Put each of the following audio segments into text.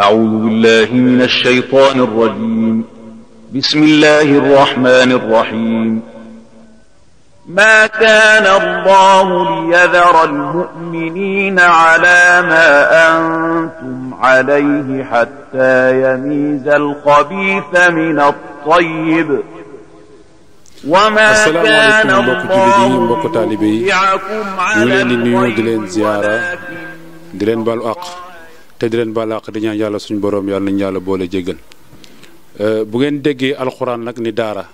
أعوذ بالله من الشيطان الرجيم بسم الله الرحمن الرحيم ما كان الله ليذر المؤمنين على ما أنتم عليه حتى يميز الخبيث من الطيب asalaamaaleykum mbokk jullit yi mbokk taalibe yi ñu leen di nuyu di leen ziyaara di leen balu àq te di leen balaax di ñaan yàlla suñu borom yàlla nañu yàlla boole jéggal euh, bu ngeen déggee alxuraan nag ni daara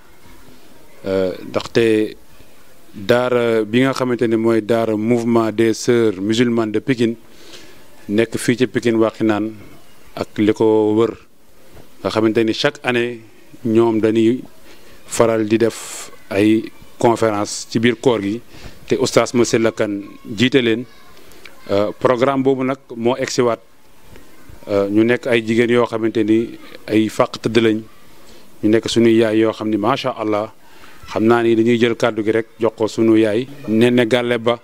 euh, ndaxte daara bi nga xamante ni mooy daara mouvement des sœurs musulmanes de Pikine nekk fii ci Pikine Waxinaan ak li ko wër nga xamante ni chaque année ñoom dañuy faral di def ay conférence ci biir koor gi te oustaz monsieur Lakan jiite leen euh, programme boobu nag moo egsiwaat Euh, ñu nekk ay jigéen yoo xamante ni ay fàq tëdd lañ ñu nekk suñuy yaay yoo xam ni macha allah xam naa ni dañuy jël kàddu gi rek jox ko suñu yaay. nee na gàlle ba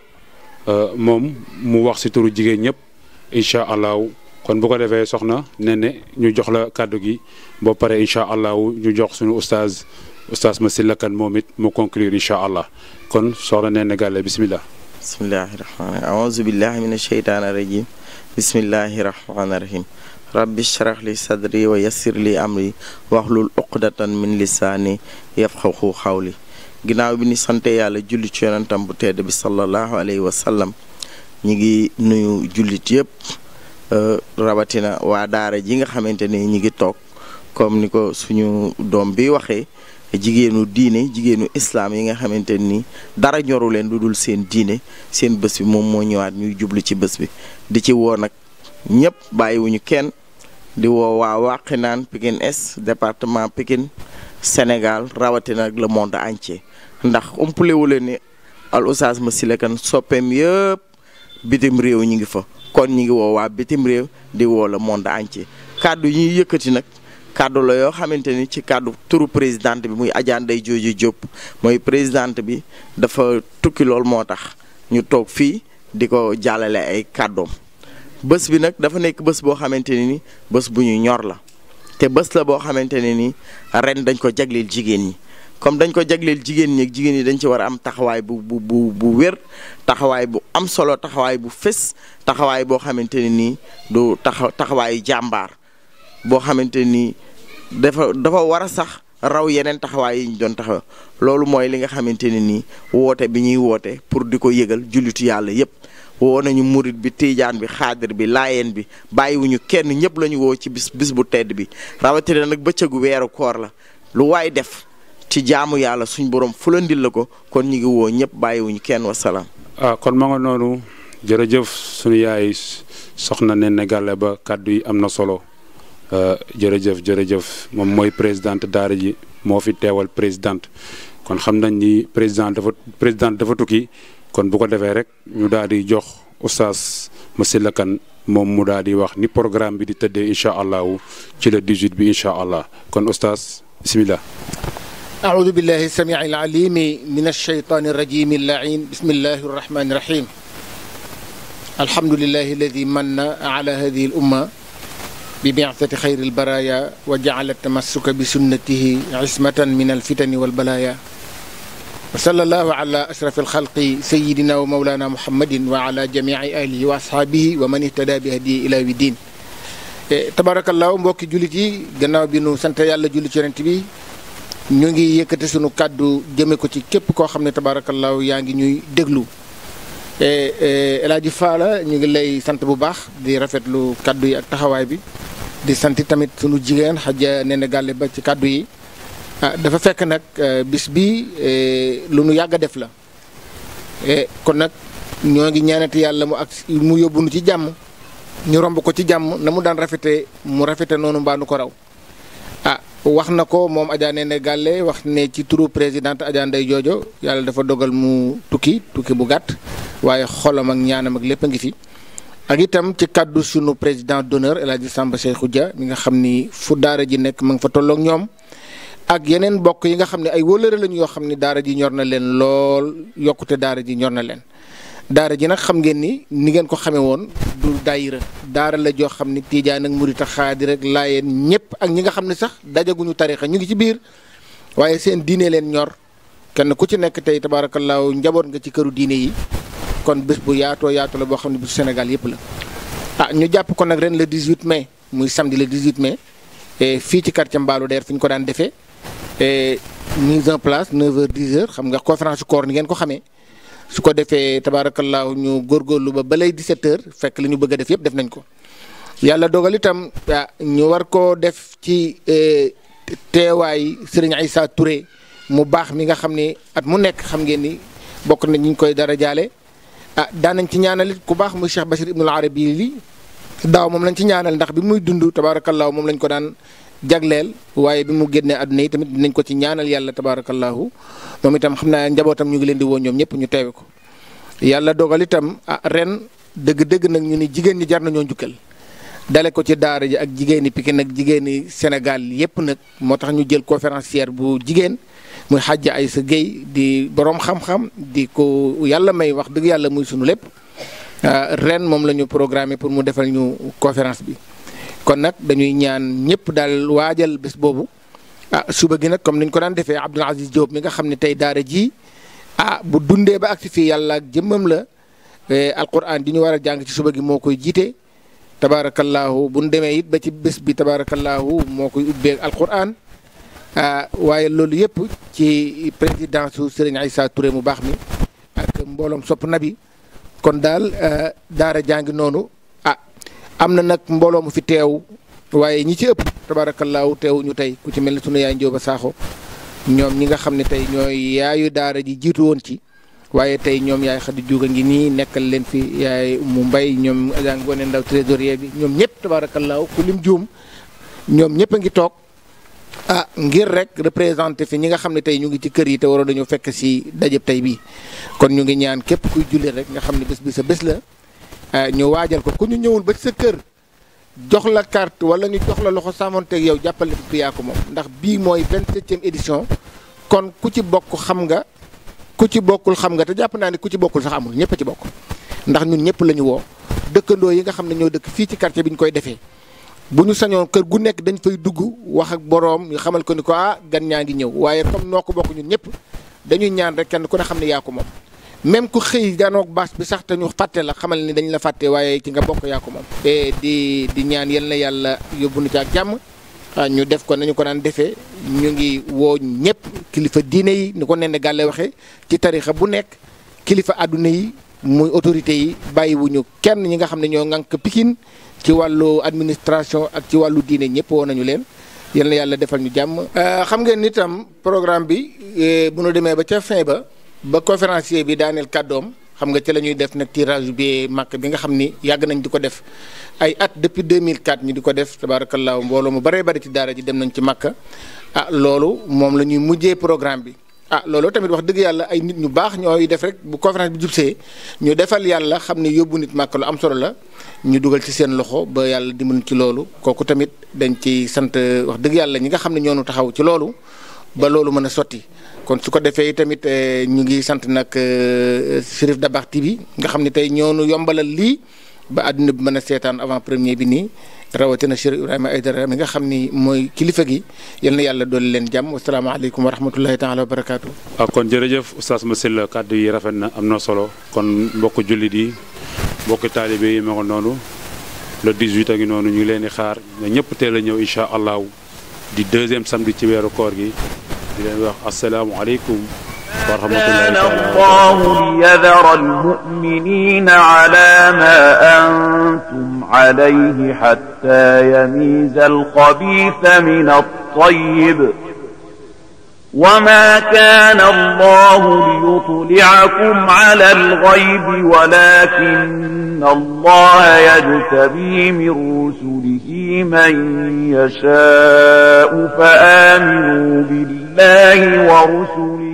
euh, moom mu wax si turu jigéen ñëpp incha allahu kon bu ko defee soxna nee na ñu jox la kàddu gi boo pare incha allahu ñu jox suñu oustaz ma si Kane moom it mu conclure incha allah kon soxna nee na gàlle bisimilah. bisimilah rahmaani aouzu billahi mina sheytaani rajim bismillahi rahmaani rahim rabbi shrah li sadri wa yassir li amri waxlul uqdatan min lisaani yafqahu xawli ginnaaw bi ni sante yàlla julli ci bu tedd bi sallallahu alayhi wa sallam ñi ngi nuyu jullit yépp euh, rabatina waa daara ji nga xamante ni ñi ngi toog comme ni ko suñu doom bi waxee jigéenu diine jigéenu islaam yi nga xamante ni dara ñoru leen lu dul seen diine seen bés bi moom moo ñëwaat ñuy jublu ci bés bi di ci woo nag ñëpp bàyyiwuñu kenn di woo waa Wàqinaan Pikine Est département Pikine Sénégal rawatina ak le monde entier ndax umpalewu leen ni al oustaz Massila Kane soppeem yëpp bitim réew ñu ngi fa kon ñu ngi woo waa bitim réew di woo le monde entier kàddu yi ñuy yëkkati nag. kàddu la yoo xamante ni ci kàddu turu présidente bi muy Adja Ndeye Diodji Diop mooy présidente bi dafa tukki lool moo tax ñu toog fii di ko jàllale ay kàddoom bés bi nag dafa nekk bés boo xamante ne ni bës bu ñu ñor la te bés la boo xamante ne ni ren dañ ko jagleel jigéen ñi comme dañ ko jagleel jigéen ñi ak jigéen ñi dañ ci war a am taxawaay bu bu bu bu wér taxawaay bu am solo taxawaay bu fës taxawaay boo xamante ne ni du taxawaayu jàmbaar. boo xamante ni dafa dafa war a sax raw yeneen taxawaay yi ñu doon taxaw loolu mooy li nga xamante ne nii woote bi ñuy woote pour di ko yëgal jullitu yàlla yépp woo nañu murit bi tiijaan bi xaadir bi laayeen bi bàyyiwuñu kenn ñëpp lañu woo ci bis bis bu tedd bi rawatina nag bëccëgu weeru koor la lu waay def ci jaamu yàlla suñ borom fulandil la ko kon ñu ngi woo ñëpp bàyyiwuñu kenn wasalaam. Ah, kon ma nga noonu jërëjëf sunu yaay soxna Néné Galle ba kàddu yi am na solo. Euh, jërëjëf jërëjëf moom mooy présidente daara ji moo fi teewal présidente kon xam nañ ni président dafa présidente dafa tukki kon bu ko defee rek ñu daal di jox oustaz Massyla Kane moom mu daal di wax ni programme bi di tëddee incha allahu ci le 18 bi incha allah kon oustaz bismillah أعوذ بالله السميع العليم من الشيطان الرجيم اللعين بسم الله الرحمن الرحيم الحمد لله الذي من على هذه الأمة bi bi'sati xayril baraaya wa ja'ala tamassuka bi sunnatihi ismatan min alfitani wal balaaya wa sallallahu ala ashrafil xalqi sayyidina wa mawlana muhammadin wa wa ashaabihi wa man ihtada mbokki jullit yi gannaaw bi sant yàlla julli ci yonent bi ñu ngi yëkkati sunu kàddu jëme ko ci képp koo xam ne tabaarakallaahu yaa ngi ñuy déglu eh, eh, El Hadji Faala ñu ngi lay sant bu baax di rafetlu kàddu yi ak taxawaay bi di santi tamit sunu jigéen xaja Néné Gallé ba ci kàddu yi ah dafa fekk nag eh, bis bi eh, lu nu yàgg def la eh, kon nag ñoo ngi ñaanati yàlla mu ak mu yóbbu nu ci jàmm ñu romb ko ci jàmm na mu daan rafete mu rafete noonu mbaa nu ko raw ah wax na ko moom Adja Néné Gallé wax ne ci turu présidente Adja Ndeye Jojo yàlla dafa dogal mu tukki tukki bu gàtt waaye xolam ak ñaanam ak lépp a ngi fi ak itam ci kàddu sunu président d'honneur El Hadji Samba Cheikhou Dia mi nga xam ni fu daara ji nekk ma nga fa tolloog ñoom ak yeneen mbokk yi nga xam ne ay wëllëre lañu yoo xam ni daara ji ñor na leen lool yokkute daara ji ñor na leen. daara ji nag xam ngeen ni ni ngeen ko xamee woon du daayira daara la joo xam ni tiijaan ak murit ak xaadir ak laayeen ñëpp ak ñi nga xam ne sax dajaguñu tarixa ñu ngi ci biir waaye seen diine leen ñor kenn ku ci nekk tey tabaarakallaahu njaboot nga ci këru diine yi. kon bés bu yaatoo yaatu la boo xam ne bésu Sénégal yëpp la ah ñu jàpp ko nag ren le 18 mais muy samedi le 18 mais fii ci quartier Mbaalu der fi ñu ko daan defee mise en place 9h 10h xam nga conférence koor ni ngeen ko xamee su ko defee tabaarakallaahu ñu góorgóorlu ba balay 17h fekk li ñu bëgg a def yëpp def nañ ko. yàlla dogal itam ah, ñu war koo def ci e, teewaay Serigne Aïssa Touré mu baax mi nga xam ni at mu nekk xam ngeen ni bokk na ñu koy dara jaale ah daanañ ci ñaanal ku baax muy Cheikh Bachir Ibnul Arabi lii daaw moom lañ ci ñaanal ndax bi muy dund tabaarakallaahu moom lañ ko daan jagleel waaye bi mu génnee àdduna yi tamit dinañ ko ci ñaanal yàlla tabaarakallaahu moom itam xam naa njabootam ñu ngi leen di woo ñoom ñëpp ñu teewe ko yàlla dogal itam ah ren dëgg-dëgg nag ñu ni jigéen ñi jar nañoo njukkal dale ko ci daara ji ak jigéeni Pikine ak jigéeni Sénégal yépp nag moo tax ñu jël conférencière bu jigéen muy xàjja ay sa géey di borom xam-xam di ko yàlla may wax dëgg yàlla muy sunu lépp ah, ren moom la ñu programmé pour mu defal ñu conférence bi kon nag dañuy ñaan ñëpp daal waajal bés boobu ah suba gi nag comme ni ñu ko daan defee Abdoul Aziz Diop mi nga xam ne tey daara ji ah bu dundee ba agsi fii yàlla ak jëmmam la eh, alquran di ñu war a jàng ci suba gi moo koy jiite tabaarakallaahu bu ñu demee it ba ci bés bi tabaarakallaahu moo koy ubbeeg alquran Ah, waaye loolu yëpp ci présidence su ay Aïssa ture mu baax mi ak mbooloom sopp na bi kon daal ah, daara jàngi noonu a ah, am na nag mbooloo mu fi teew waaye ñi ci ëpp tabaarakallaahu teew ñu tey ku ci mel ne sunu yaay Njóoba Saaxo ñoom ñi nga xam ne tey ñooy yaayu daara ji jiitu woon ci waaye tey ñoom yaay Xadi a ngi nii nekkal leen fi yaay mu mbay ñoom Adja Ngoone Ndaw trésorier bi ñoom ñëpp tabaarakallaahu ku lim juum ñoom ñëpp a ngi toog. ah ngir rek représenté fi ñi nga xam ne tey ñu ngi ci kër yi te waroon dañu fekk si dajëb tey bii kon ñu ngi ñaan képp kuy jullit rek nga xam ne bés bi sa bés la ah, ñu waajal ko ku ñu ñëwul ba sa kër jox la carte wala ñu jox la loxo saamonteeg yow jàppale bi yaa moom ndax mooy vingt-septième édition kon ku ci bokk xam nga ku ci bokkul xam nga te jàpp naa ne ku ci bokkul sax amul ñëpp a ci bokk ndax ñun ñëpp la ñu woo dëkkandoo yi nga xam ne ñoo dëkk fii ci quartier bi ñu koy defee bu ñu sañoon kër gu nekk dañ fay dugg wax ak boroom ñu xamal ko ni ko ah gan ñaa ngi ñëw waaye comme noo ko bokk ñun ñëpp dañuy ñaan rek kenn ku ne xam ne yaa moom même ku xëy daanoog bâche bi sax te ñu fàtte la xamal ni dañ la fàttee waaye ci nga bokk yaa moom te di di ñaan yal na yàlla yóbbu nu ci ak jàmm ah, ñu def ko nañu ko daan defee ñu ngi woo ñëpp kilifa diine yi ni ko nen gàlle waxee ci tarixa bu nekk kilifa àdduna yi muy autorité yi bàyyiwuñu kenn ñi nga xam ne ñoo ŋànk pikin ci wàllu administration ak ci wàllu diine ñëpp woo nañu leen yal yàlla defal ñu jàmm. Euh, xam ngeen ni programme bi euh, bu nu demee ba ca fin ba ba conférencier bi daaneel kàddoom xam nga ci la ñuy def nag tirage bi màkk bi nga xam ni yàgg nañ di ko def ay at depuis deux mille 2004 ñi di ko def tabaarakallaahu mbooloo mu bëree bëri ci daara ji dem nañ ci màkk ah loolu moom la ñuy mujjee programme bi. ah looloo tamit wax dëgg yàlla ay nit ñu baax ñooy def rek bu conférence bi jubsee ñu defal yàlla xam ne yóbbu nit màkk lu am solo la ñu dugal ci seen loxo ba yàlla dimbali ci loolu kooku tamit dañ ci sant wax dëgg yàlla ñi nga xam ne ñoonu taxaw ci loolu ba loolu mën a sotti kon su ko defee tamit eh, ñu ngi sant nag eh, Chérif Dabakh TV bi nga xam ne tey ñoonu yombalal lii ba àdduna bi mën a seetaan avant premier bi nii rawatina Cheikh Ibrahima Aïdara mi nga xam ni mooy kilifa gi yal na yàlla dool leen jàmm asalaamaaleykum wa rahmatulahi taala wa barakaatu. waaw ah, kon jërëjëf oustaz Massylla kàddu yi rafet na am na solo kon mbokk jullit yi mbokk taalibe yi ko noonu le 18 a ngi noonu ñu ngi leen di xaar ñëpp teel a ñëw incha allahu di deuxième samedi ci weeru koor gi di leen wax asalaamualeykum. كان الله ليذر المؤمنين على ما أنتم عليه حتى يميز الخبيث من الطيب وما كان الله ليطلعكم على الغيب ولكن الله يجتبي من رسله من يشاء فآمنوا بالله ورسله